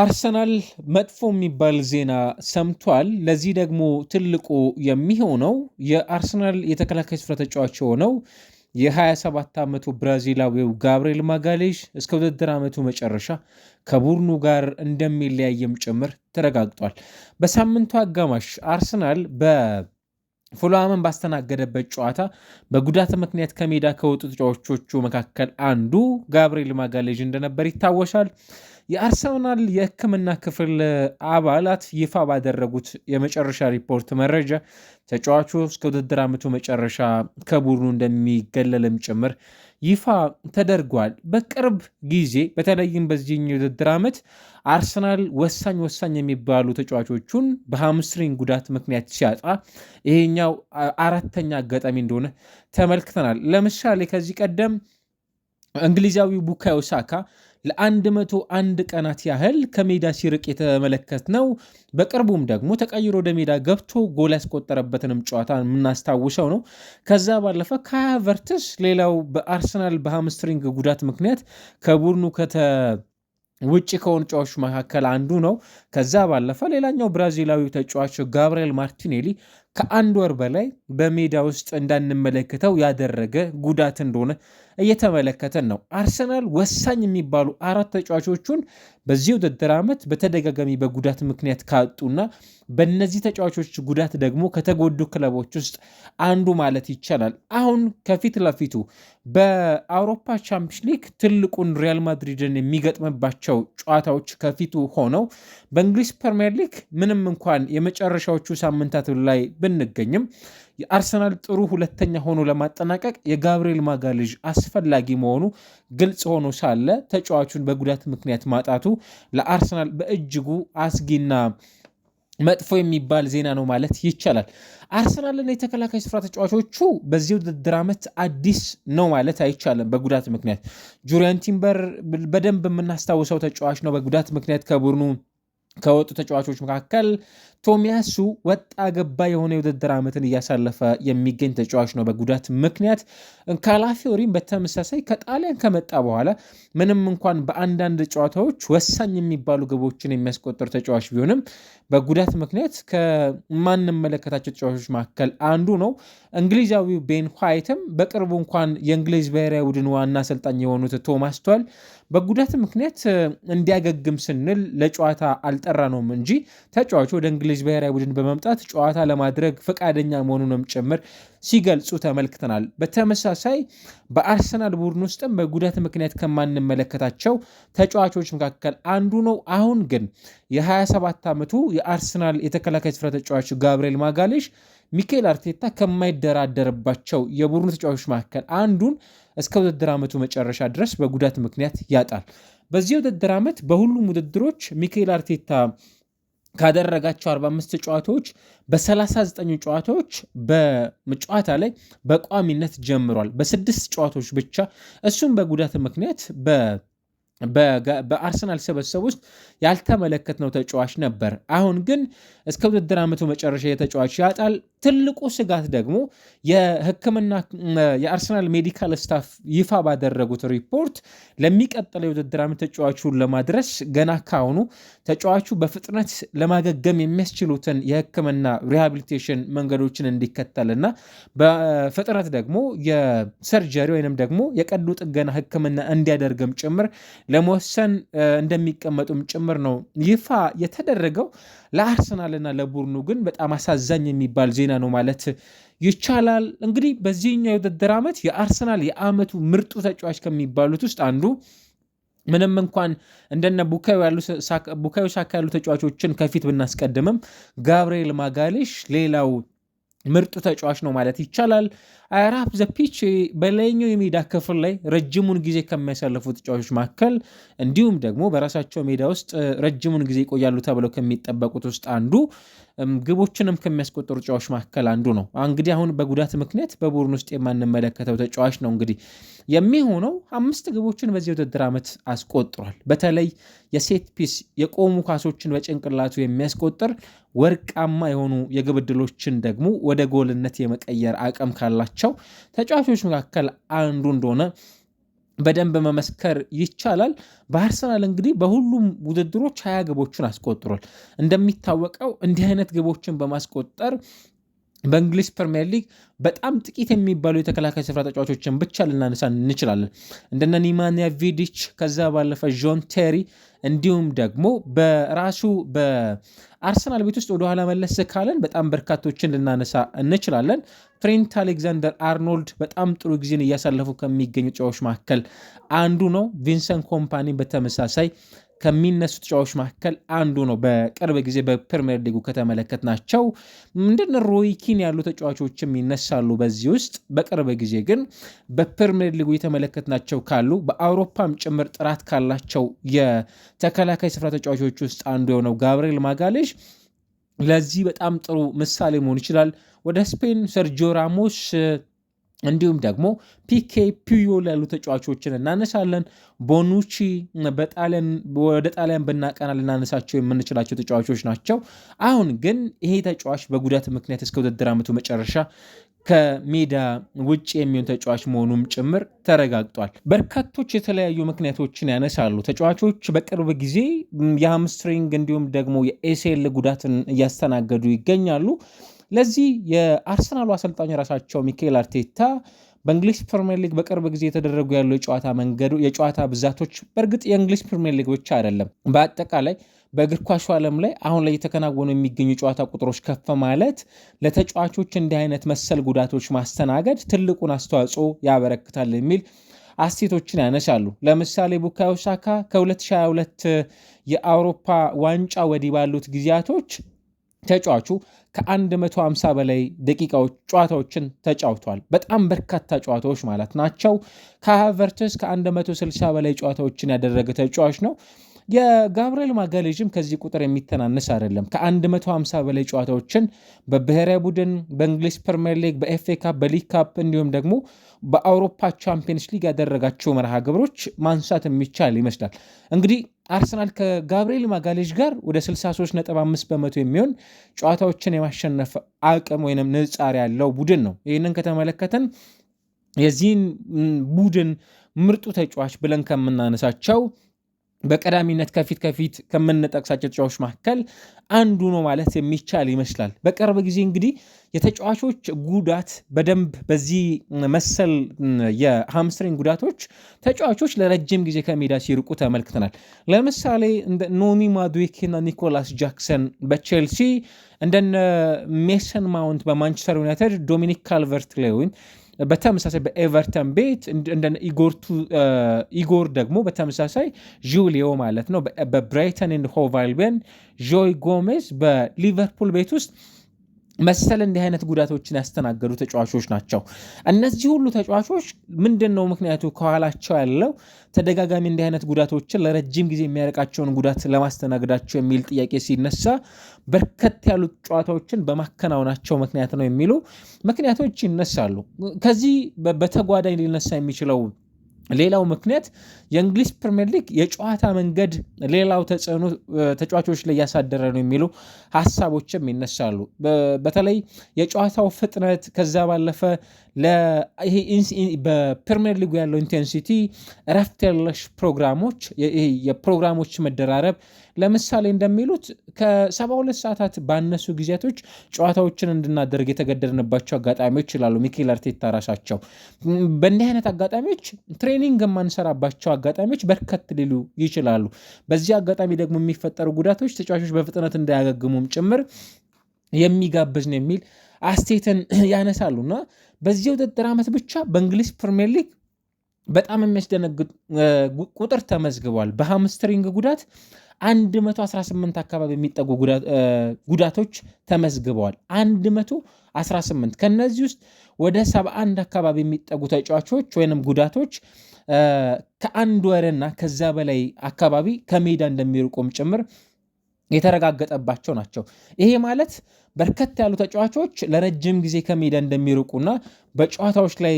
አርሰናል መጥፎ የሚባል ዜና ሰምቷል። ለዚህ ደግሞ ትልቁ የሚሆነው የአርሰናል የተከላካይ ስፍራ ተጫዋች የሆነው የ27 ዓመቱ ብራዚላዊው ጋብርኤል ማጋሌዥ እስከ ውድድር ዓመቱ መጨረሻ ከቡድኑ ጋር እንደሚለያየም ጭምር ተረጋግጧል። በሳምንቱ አጋማሽ አርሰናል በ ፉልሃምን ባስተናገደበት ጨዋታ በጉዳት ምክንያት ከሜዳ ከወጡ ተጫዋቾቹ መካከል አንዱ ጋብርኤል ማጋሌዥ እንደነበር ይታወሻል። የአርሰናል የሕክምና ክፍል አባላት ይፋ ባደረጉት የመጨረሻ ሪፖርት መረጃ ተጫዋቹ እስከ ውድድር ዓመቱ መጨረሻ ከቡድኑ እንደሚገለልም ጭምር ይፋ ተደርጓል። በቅርብ ጊዜ በተለይም በዚህኛው የውድድር ዓመት አርሰናል ወሳኝ ወሳኝ የሚባሉ ተጫዋቾቹን በሃምስትሪንግ ጉዳት ምክንያት ሲያጣ ይሄኛው አራተኛ አጋጣሚ እንደሆነ ተመልክተናል። ለምሳሌ ከዚህ ቀደም እንግሊዛዊ ቡካዮ ሳካ ለ101 ቀናት ያህል ከሜዳ ሲርቅ የተመለከት ነው። በቅርቡም ደግሞ ተቀይሮ ወደ ሜዳ ገብቶ ጎል ያስቆጠረበትንም ጨዋታ የምናስታውሰው ነው። ከዛ ባለፈ ከቨርትስ ሌላው በአርሰናል በሃምስትሪንግ ጉዳት ምክንያት ከቡድኑ ከተ ውጭ ከሆኑ ተጫዋቾች መካከል አንዱ ነው። ከዛ ባለፈ ሌላኛው ብራዚላዊ ተጫዋች ጋብርኤል ማርቲኔሊ ከአንድ ወር በላይ በሜዳ ውስጥ እንዳንመለከተው ያደረገ ጉዳት እንደሆነ እየተመለከተን ነው። አርሰናል ወሳኝ የሚባሉ አራት ተጫዋቾቹን በዚህ ውድድር ዓመት በተደጋጋሚ በጉዳት ምክንያት ካጡና በእነዚህ ተጫዋቾች ጉዳት ደግሞ ከተጎዱ ክለቦች ውስጥ አንዱ ማለት ይቻላል። አሁን ከፊት ለፊቱ በአውሮፓ ቻምፒዮንስ ሊግ ትልቁን ሪያል ማድሪድን የሚገጥምባቸው ጨዋታዎች ከፊቱ ሆነው በእንግሊዝ ፕሪሚየር ሊግ ምንም እንኳን የመጨረሻዎቹ ሳምንታት ላይ ብንገኝም የአርሰናል ጥሩ ሁለተኛ ሆኖ ለማጠናቀቅ የጋብርኤል ማጋልዥ አስፈላጊ መሆኑ ግልጽ ሆኖ ሳለ ተጫዋቹን በጉዳት ምክንያት ማጣቱ ለአርሰናል በእጅጉ አስጊና መጥፎ የሚባል ዜና ነው ማለት ይቻላል። አርሰናልና የተከላካይ ስፍራ ተጫዋቾቹ በዚህ ውድድር ዓመት አዲስ ነው ማለት አይቻልም። በጉዳት ምክንያት ጁሪያን ቲምበር በደንብ የምናስታውሰው ተጫዋች ነው። በጉዳት ምክንያት ከቡድኑ ከወጡ ተጫዋቾች መካከል ቶሚያሱ ወጣ ገባ የሆነ የውድድር ዓመትን እያሳለፈ የሚገኝ ተጫዋች ነው። በጉዳት ምክንያት ካላፊዮሪም በተመሳሳይ ከጣሊያን ከመጣ በኋላ ምንም እንኳን በአንዳንድ ጨዋታዎች ወሳኝ የሚባሉ ግቦችን የሚያስቆጥር ተጫዋች ቢሆንም በጉዳት ምክንያት ከማንመለከታቸው ተጫዋቾች መካከል አንዱ ነው። እንግሊዛዊው ቤን ዋይትም በቅርቡ እንኳን የእንግሊዝ ብሔራዊ ቡድን ዋና አሰልጣኝ የሆኑት ቶማስ ቷል በጉዳት ምክንያት እንዲያገግም ስንል ለጨዋታ አልጠራነውም እንጂ ተጫዋቹ ወደ እንግሊዝ ብሔራዊ ቡድን በመምጣት ጨዋታ ለማድረግ ፈቃደኛ መሆኑንም ጭምር ሲገልጹ ተመልክተናል። በተመሳሳይ በአርሰናል ቡድን ውስጥም በጉዳት ምክንያት ከማንመለከታቸው ተጫዋቾች መካከል አንዱ ነው። አሁን ግን የ27 ዓመቱ የአርሰናል የተከላካይ ስፍራ ተጫዋች ጋብርኤል ማጋሌሽ ሚካኤል አርቴታ ከማይደራደርባቸው የቡድኑ ተጫዋቾች መካከል አንዱን እስከ ውድድር ዓመቱ መጨረሻ ድረስ በጉዳት ምክንያት ያጣል። በዚህ ውድድር ዓመት በሁሉም ውድድሮች ሚካኤል አርቴታ ካደረጋቸው 45 ጨዋታዎች በ39 ጨዋታዎች በጨዋታ ላይ በቋሚነት ጀምሯል። በስድስት ጨዋታዎች ብቻ እሱም በጉዳት ምክንያት በአርሰናል ሰበሰብ ውስጥ ያልተመለከትነው ተጫዋች ነበር። አሁን ግን እስከ ውድድር ዓመቱ መጨረሻ የተጫዋች ያጣል። ትልቁ ስጋት ደግሞ የሕክምና የአርሰናል ሜዲካል ስታፍ ይፋ ባደረጉት ሪፖርት ለሚቀጥለው የውድድር ዓመት ተጫዋቹን ለማድረስ ገና ካሁኑ ተጫዋቹ በፍጥነት ለማገገም የሚያስችሉትን የሕክምና ሪሃቢሊቴሽን መንገዶችን እንዲከተልና በፍጥነት ደግሞ የሰርጀሪ ወይንም ደግሞ የቀዶ ጥገና ሕክምና እንዲያደርግም ጭምር ለመወሰን እንደሚቀመጡም ጭምር ነው ይፋ የተደረገው ለአርሰናል ለአርሰናልና ለቡድኑ ግን በጣም አሳዛኝ የሚባል ዜና ነው ማለት ይቻላል። እንግዲህ በዚህኛው የውድድር ዓመት የአርሰናል የዓመቱ ምርጡ ተጫዋች ከሚባሉት ውስጥ አንዱ ምንም እንኳን እንደነ ቡካዮ ሳካ ያሉ ተጫዋቾችን ከፊት ብናስቀድምም ጋብርኤል ማጋሌሽ ሌላው ምርጥ ተጫዋች ነው ማለት ይቻላል። አራፕ ዘፒች በላይኛው የሜዳ ክፍል ላይ ረጅሙን ጊዜ ከሚያሳልፉ ተጫዋቾች መካከል እንዲሁም ደግሞ በራሳቸው ሜዳ ውስጥ ረጅሙን ጊዜ ይቆያሉ ተብለው ከሚጠበቁት ውስጥ አንዱ ግቦችንም ከሚያስቆጠሩ ተጫዋች መካከል አንዱ ነው። እንግዲህ አሁን በጉዳት ምክንያት በቡድን ውስጥ የማንመለከተው ተጫዋች ነው። እንግዲህ የሚሆነው አምስት ግቦችን በዚህ ውድድር ዓመት አስቆጥሯል። በተለይ የሴት ፒስ የቆሙ ኳሶችን በጭንቅላቱ የሚያስቆጥር ወርቃማ የሆኑ የግብ ዕድሎችን ደግሞ ወደ ጎልነት የመቀየር አቅም ካላቸው ተጫዋቾች መካከል አንዱ እንደሆነ በደንብ መመስከር ይቻላል። በአርሰናል እንግዲህ በሁሉም ውድድሮች ሀያ ግቦችን አስቆጥሯል። እንደሚታወቀው እንዲህ አይነት ግቦችን በማስቆጠር በእንግሊዝ ፕሪምየር ሊግ በጣም ጥቂት የሚባሉ የተከላካይ ስፍራ ተጫዋቾችን ብቻ ልናነሳ እንችላለን። እንደነ ኒማንያ ቪዲች፣ ከዛ ባለፈ ጆን ቴሪ እንዲሁም ደግሞ በራሱ በአርሰናል ቤት ውስጥ ወደኋላ መለስ ካለን በጣም በርካቶችን ልናነሳ እንችላለን። ትሬንት አሌክዛንደር አርኖልድ በጣም ጥሩ ጊዜን እያሳለፉ ከሚገኙ ተጫዋቾች መካከል አንዱ ነው። ቪንሰንት ኮምፓኒ በተመሳሳይ ከሚነሱ ተጫዋቾች መካከል አንዱ ነው። በቅርብ ጊዜ በፕሪሚየር ሊጉ ከተመለከት ናቸው እንደነ ሮይኪን ያሉ ተጫዋቾችም ይነሳሉ በዚህ ውስጥ። በቅርብ ጊዜ ግን በፕሪሚየር ሊጉ የተመለከት ናቸው ካሉ በአውሮፓም ጭምር ጥራት ካላቸው የተከላካይ ስፍራ ተጫዋቾች ውስጥ አንዱ የሆነው ጋብርኤል ማጋሌሽ ለዚህ በጣም ጥሩ ምሳሌ መሆን ይችላል። ወደ ስፔን ሰርጂዮ ራሞስ እንዲሁም ደግሞ ፒኬ ፒዮል ያሉ ተጫዋቾችን እናነሳለን። ቦኑቺ ወደ ጣሊያን ብናቀና ልናነሳቸው የምንችላቸው ተጫዋቾች ናቸው። አሁን ግን ይሄ ተጫዋች በጉዳት ምክንያት እስከ ውድድር ዓመቱ መጨረሻ ከሜዳ ውጭ የሚሆን ተጫዋች መሆኑም ጭምር ተረጋግጧል። በርካቶች የተለያዩ ምክንያቶችን ያነሳሉ። ተጫዋቾች በቅርብ ጊዜ የሃምስትሪንግ እንዲሁም ደግሞ የኤስኤል ጉዳትን እያስተናገዱ ይገኛሉ። ለዚህ የአርሰናሉ አሰልጣኝ ራሳቸው ሚካኤል አርቴታ በእንግሊዝ ፕሪምየር ሊግ በቅርብ ጊዜ የተደረጉ ያሉ የጨዋታ መንገዱ የጨዋታ ብዛቶች በእርግጥ የእንግሊዝ ፕሪምየር ሊግ ብቻ አይደለም፣ በአጠቃላይ በእግር ኳሹ ዓለም ላይ አሁን ላይ የተከናወኑ የሚገኙ የጨዋታ ቁጥሮች ከፍ ማለት ለተጫዋቾች እንዲህ አይነት መሰል ጉዳቶች ማስተናገድ ትልቁን አስተዋጽኦ ያበረክታል የሚል አስቴቶችን ያነሳሉ። ለምሳሌ ቡካዮ ሳካ ከ2022 የአውሮፓ ዋንጫ ወዲህ ባሉት ጊዜያቶች ተጫዋቹ ከ150 በላይ ደቂቃዎች ጨዋታዎችን ተጫውቷል። በጣም በርካታ ጨዋታዎች ማለት ናቸው። ከሃቨርትስ ከ160 በላይ ጨዋታዎችን ያደረገ ተጫዋች ነው። የጋብርኤል ማጋሌዥም ከዚህ ቁጥር የሚተናነስ አይደለም። ከ150 በላይ ጨዋታዎችን በብሔራዊ ቡድን፣ በእንግሊዝ ፕሪምየር ሊግ፣ በኤፍኤ ካፕ፣ በሊግ ካፕ እንዲሁም ደግሞ በአውሮፓ ቻምፒየንስ ሊግ ያደረጋቸው መርሃ ግብሮች ማንሳት የሚቻል ይመስላል። እንግዲህ አርሰናል ከጋብርኤል ማጋሌዥ ጋር ወደ 63.5 በመቶ የሚሆን ጨዋታዎችን የማሸነፍ አቅም ወይም ንጻር ያለው ቡድን ነው። ይህንን ከተመለከትን የዚህን ቡድን ምርጡ ተጫዋች ብለን ከምናነሳቸው በቀዳሚነት ከፊት ከፊት ከምንጠቅሳቸው ተጫዋቾች መካከል አንዱ ነው ማለት የሚቻል ይመስላል። በቅርብ ጊዜ እንግዲህ የተጫዋቾች ጉዳት በደንብ በዚህ መሰል የሃምስትሪንግ ጉዳቶች ተጫዋቾች ለረጅም ጊዜ ከሜዳ ሲርቁ ተመልክተናል። ለምሳሌ እንደ ኖኒ ማዱዌኬና ኒኮላስ ጃክሰን በቼልሲ እንደነ ሜሰን ማውንት በማንቸስተር ዩናይትድ ዶሚኒክ ካልቨርት ሌዊን በተመሳሳይ በኤቨርተን ቤት እንደ ኢጎር ደግሞ በተመሳሳይ ጁሊዮ ማለት ነው በብራይተን ኤንድ ሆቭ አልቢዮን ጆይ ጎሜዝ በሊቨርፑል ቤት ውስጥ መሰል እንዲህ አይነት ጉዳቶችን ያስተናገዱ ተጫዋቾች ናቸው። እነዚህ ሁሉ ተጫዋቾች ምንድን ነው ምክንያቱ ከኋላቸው ያለው ተደጋጋሚ እንዲህ አይነት ጉዳቶችን ለረጅም ጊዜ የሚያርቃቸውን ጉዳት ለማስተናገዳቸው የሚል ጥያቄ ሲነሳ በርከት ያሉት ጨዋታዎችን በማከናወናቸው ምክንያት ነው የሚሉ ምክንያቶች ይነሳሉ። ከዚህ በተጓዳኝ ሊነሳ የሚችለው ሌላው ምክንያት የእንግሊዝ ፕሪምየር ሊግ የጨዋታ መንገድ ሌላው ተጽዕኖ ተጫዋቾች ላይ እያሳደረ ነው የሚሉ ሀሳቦችም ይነሳሉ። በተለይ የጨዋታው ፍጥነት ከዛ ባለፈ በፕሪምየር ሊጉ ያለው ኢንቴንሲቲ እረፍት የለሽ ፕሮግራሞች የፕሮግራሞች መደራረብ ለምሳሌ እንደሚሉት ከሰባ ሁለት ሰዓታት ባነሱ ጊዜያቶች ጨዋታዎችን እንድናደርግ የተገደድንባቸው አጋጣሚዎች ይላሉ ሚኬል አርቴታ ራሳቸው። በእንዲህ አይነት አጋጣሚዎች ትሬኒንግ የማንሰራባቸው አጋጣሚዎች በርከት ሊሉ ይችላሉ። በዚህ አጋጣሚ ደግሞ የሚፈጠሩ ጉዳቶች ተጫዋቾች በፍጥነት እንዳያገግሙም ጭምር የሚጋብዝ ነው የሚል አስቴትን ያነሳሉና በዚህ ውድድር ዓመት ብቻ በእንግሊዝ ፕሪምየር ሊግ በጣም የሚያስደነግጥ ቁጥር ተመዝግቧል። በሃምስትሪንግ ጉዳት 118 አካባቢ የሚጠጉ ጉዳቶች ተመዝግበዋል። 118 ከነዚህ ውስጥ ወደ 71 አካባቢ የሚጠጉ ተጫዋቾች ወይንም ጉዳቶች ከአንድ ወርና ከዛ በላይ አካባቢ ከሜዳ እንደሚርቁም ጭምር የተረጋገጠባቸው ናቸው። ይሄ ማለት በርከት ያሉ ተጫዋቾች ለረጅም ጊዜ ከሜዳ እንደሚርቁና በጨዋታዎች ላይ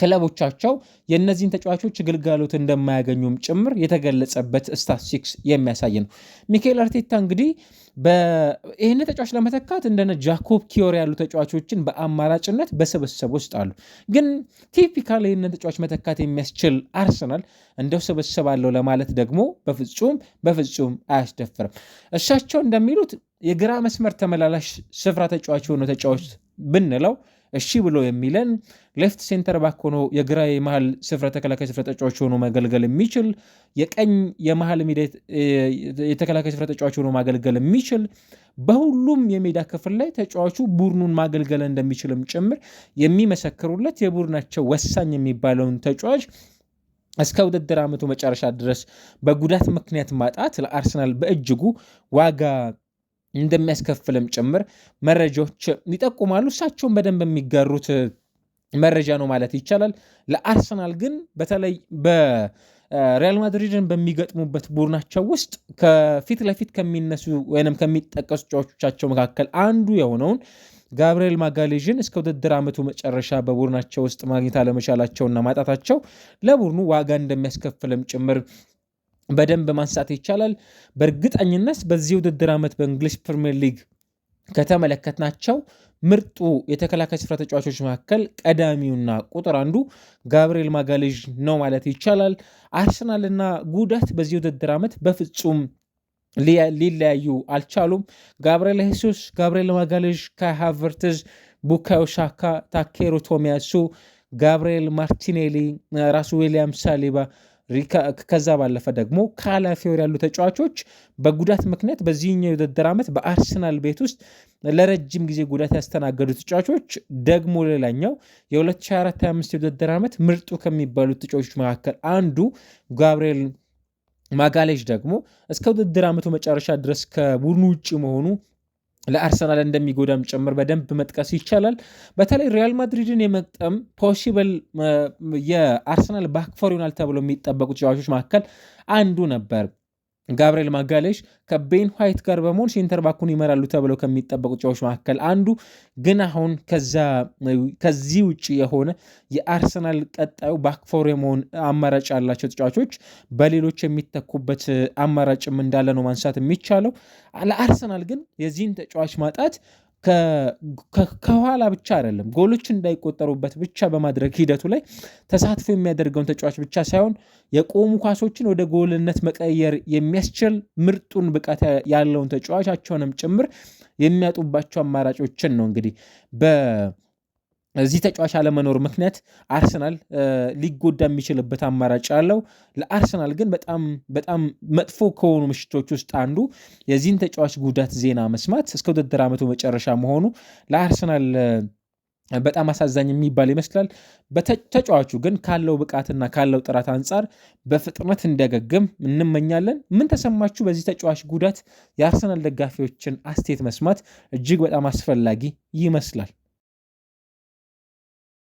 ክለቦቻቸው የእነዚህን ተጫዋቾች ግልጋሎት እንደማያገኙም ጭምር የተገለጸበት ስታትስቲክስ የሚያሳይ ነው። ሚካኤል አርቴታ እንግዲህ ይህን ተጫዋች ለመተካት እንደነ ጃኮብ ኪዮር ያሉ ተጫዋቾችን በአማራጭነት በስብስብ ውስጥ አሉ። ግን ቲፒካል ይህንን ተጫዋች መተካት የሚያስችል አርሰናል እንደው ስብስብ አለው ለማለት ደግሞ በፍጹም በፍጹም አያስደፍርም። እሳቸው እንደሚሉት የግራ መስመር ተመላላሽ ስፍራ ተጫዋች የሆነ ተጫዋች ብንለው እሺ ብሎ የሚለን ሌፍት ሴንተር ባክ ሆኖ የግራ የመሀል ስፍረ ተከላካይ ስፍረ ተጫዋች ሆኖ ማገልገል የሚችል የቀኝ የመሀል ሜዳ የተከላካይ ስፍረ ተጫዋች ሆኖ ማገልገል የሚችል በሁሉም የሜዳ ክፍል ላይ ተጫዋቹ ቡድኑን ማገልገል እንደሚችልም ጭምር የሚመሰክሩለት የቡድናቸው ወሳኝ የሚባለውን ተጫዋች እስከ ውድድር ዓመቱ መጨረሻ ድረስ በጉዳት ምክንያት ማጣት ለአርሰናል በእጅጉ ዋጋ እንደሚያስከፍልም ጭምር መረጃዎች ይጠቁማሉ። እሳቸውን በደንብ የሚጋሩት መረጃ ነው ማለት ይቻላል። ለአርሰናል ግን በተለይ በሪያል ማድሪድን በሚገጥሙበት ቡድናቸው ውስጥ ከፊት ለፊት ከሚነሱ ወይም ከሚጠቀሱ ተጫዋቾቻቸው መካከል አንዱ የሆነውን ጋብርኤል ማጋሌዥን እስከ ውድድር ዓመቱ መጨረሻ በቡድናቸው ውስጥ ማግኘት አለመቻላቸውና ማጣታቸው ለቡድኑ ዋጋ እንደሚያስከፍልም ጭምር በደንብ ማንሳት ይቻላል። በእርግጠኝነት በዚህ ውድድር ዓመት በእንግሊሽ ፕሪምየር ሊግ ከተመለከትናቸው ምርጡ የተከላካይ ስፍራ ተጫዋቾች መካከል ቀዳሚውና ቁጥር አንዱ ጋብርኤል ማጋሌዥ ነው ማለት ይቻላል። አርሰናልና ጉዳት በዚህ ውድድር ዓመት በፍጹም ሊለያዩ አልቻሉም። ጋብርኤል ሄሱስ፣ ጋብርኤል ማጋሌዥ፣ ካይ ሃቨርትዝ፣ ቡካዮ ሻካ፣ ታኬሮ ቶሚያሱ፣ ጋብርኤል ማርቲኔሊ፣ ራሱ ዊሊያም ሳሊባ ከዛ ባለፈ ደግሞ ከኃላፊወር ያሉ ተጫዋቾች በጉዳት ምክንያት በዚህኛው የውድድር ዓመት በአርሰናል ቤት ውስጥ ለረጅም ጊዜ ጉዳት ያስተናገዱ ተጫዋቾች ደግሞ ሌላኛው የ2024/25 የውድድር ዓመት ምርጡ ከሚባሉት ተጫዋቾች መካከል አንዱ ጋብርኤል ማጋሌዥ ደግሞ እስከ ውድድር ዓመቱ መጨረሻ ድረስ ከቡድኑ ውጭ መሆኑ ለአርሰናል እንደሚጎዳም ጭምር በደንብ መጥቀስ ይቻላል። በተለይ ሪያል ማድሪድን የመቅጠም ፖሲብል የአርሰናል ባክፎር ይሆናል ተብሎ የሚጠበቁ ተጫዋቾች መካከል አንዱ ነበር። ጋብርኤል ማጋሌሽ ከቤን ዋይት ጋር በመሆን ሴንተር ባኩን ይመራሉ ተብለው ከሚጠበቁ ተጫዋቾች መካከል አንዱ ግን አሁን ከዚህ ውጭ የሆነ የአርሰናል ቀጣዩ ባክፎር የመሆን አማራጭ ያላቸው ተጫዋቾች በሌሎች የሚተኩበት አማራጭም እንዳለ ነው ማንሳት የሚቻለው። ለአርሰናል ግን የዚህን ተጫዋች ማጣት ከኋላ ብቻ አይደለም ጎሎች እንዳይቆጠሩበት ብቻ በማድረግ ሂደቱ ላይ ተሳትፎ የሚያደርገውን ተጫዋች ብቻ ሳይሆን የቆሙ ኳሶችን ወደ ጎልነት መቀየር የሚያስችል ምርጡን ብቃት ያለውን ተጫዋቻቸውንም ጭምር የሚያጡባቸው አማራጮችን ነው እንግዲህ በ እዚህ ተጫዋች አለመኖር ምክንያት አርሰናል ሊጎዳ የሚችልበት አማራጭ አለው። ለአርሰናል ግን በጣም በጣም መጥፎ ከሆኑ ምሽቶች ውስጥ አንዱ የዚህን ተጫዋች ጉዳት ዜና መስማት እስከ ውድድር ዓመቱ መጨረሻ መሆኑ ለአርሰናል በጣም አሳዛኝ የሚባል ይመስላል። ተጫዋቹ ግን ካለው ብቃትና ካለው ጥራት አንጻር በፍጥነት እንዲያገግም እንመኛለን። ምን ተሰማችሁ በዚህ ተጫዋች ጉዳት? የአርሰናል ደጋፊዎችን አስቴት መስማት እጅግ በጣም አስፈላጊ ይመስላል።